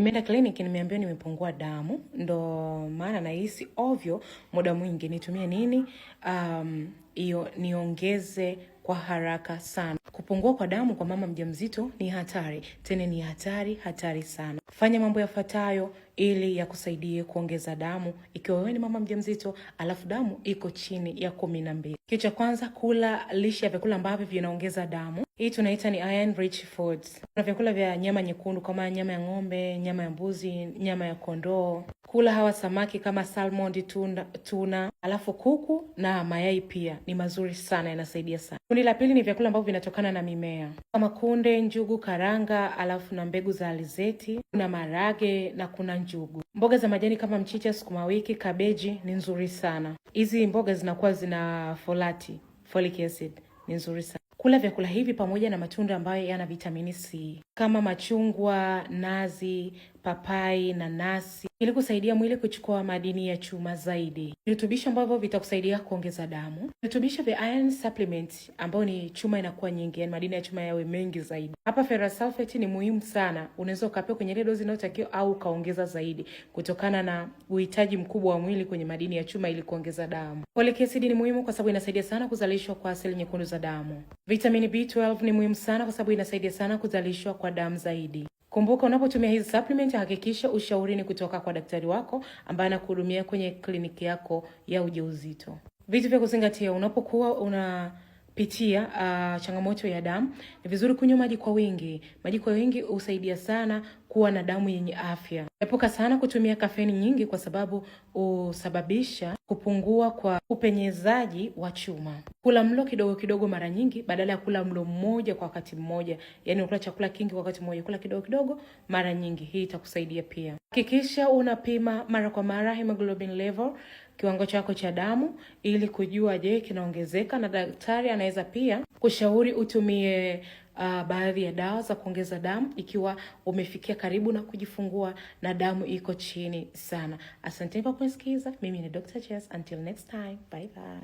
Nimeenda kliniki nimeambiwa nimepungua damu, ndo maana nahisi ovyo muda mwingi nitumie nini hiyo, um, niongeze kwa haraka sana. Kupungua kwa damu kwa mama mjamzito ni hatari, tena ni hatari hatari sana. Fanya mambo yafuatayo ili yakusaidie kuongeza damu ikiwa wewe ni mama mjamzito alafu damu iko chini ya kumi na mbili. Kitu cha kwanza, kula lishe ya vyakula ambavyo vinaongeza damu. Hii tunaita ni iron rich foods. Kuna vyakula vya nyama nyekundu kama nyama ya ng'ombe, nyama ya mbuzi, nyama ya kondoo. Kula hawa samaki kama salmon, tuna, tuna alafu kuku na mayai pia ni mazuri sana, yanasaidia sana. Kundi la pili ni vyakula ambavyo vinatokana na mimea kama kunde, njugu, karanga, alafu na mbegu za alizeti, kuna marage na kuna njugu. Mboga za majani kama mchicha, sukuma wiki, kabeji ni nzuri sana. Hizi mboga zinakuwa zina folati, folic acid, ni nzuri sana. Kula vyakula hivi pamoja na matunda ambayo yana vitamini C kama machungwa, nazi, papai, nanasi ili kusaidia mwili kuchukua madini ya chuma zaidi, virutubisho ambavyo vitakusaidia kuongeza damu. Virutubisho vya iron supplement ambayo ni chuma inakuwa nyingi, yani madini ya chuma yawe mengi zaidi. Hapa ferrous sulfate ni muhimu sana, unaweza ukapewa kwenye ile dozi inayotakiwa au ukaongeza zaidi kutokana na uhitaji mkubwa wa mwili kwenye madini ya chuma ili kuongeza damu. Folic acid ni muhimu kwa sababu inasaidia sana kuzalishwa kwa seli nyekundu za damu. Vitamin B12 ni muhimu sana kwa sababu inasaidia sana kuzalishwa kwa damu zaidi. Kumbuka unapotumia hizi supplement hakikisha ushauri ni kutoka kwa daktari wako ambaye anakuhudumia kwenye kliniki yako ya ujauzito. Vitu vya kuzingatia unapokuwa una pitia uh, ah, changamoto ya damu, ni vizuri kunywa maji kwa wingi. Maji kwa wingi husaidia sana kuwa na damu yenye afya. Epuka sana kutumia kafeni nyingi, kwa sababu husababisha kupungua kwa upenyezaji wa chuma. Kula mlo kidogo kidogo mara nyingi, badala ya kula mlo mmoja kwa wakati mmoja, yani ukula chakula kingi kwa wakati mmoja. Kula kidogo kidogo mara nyingi, hii itakusaidia pia. Hakikisha unapima mara kwa mara hemoglobin level, kiwango chako cha damu, ili kujua je, kinaongezeka na daktari ana unaweza pia kushauri utumie Uh, baadhi ya dawa za kuongeza damu ikiwa umefikia karibu na kujifungua na damu iko chini sana. Asanteni kwa kunisikiza. Mimi ni Dr. Jess. Until next time. Bye bye.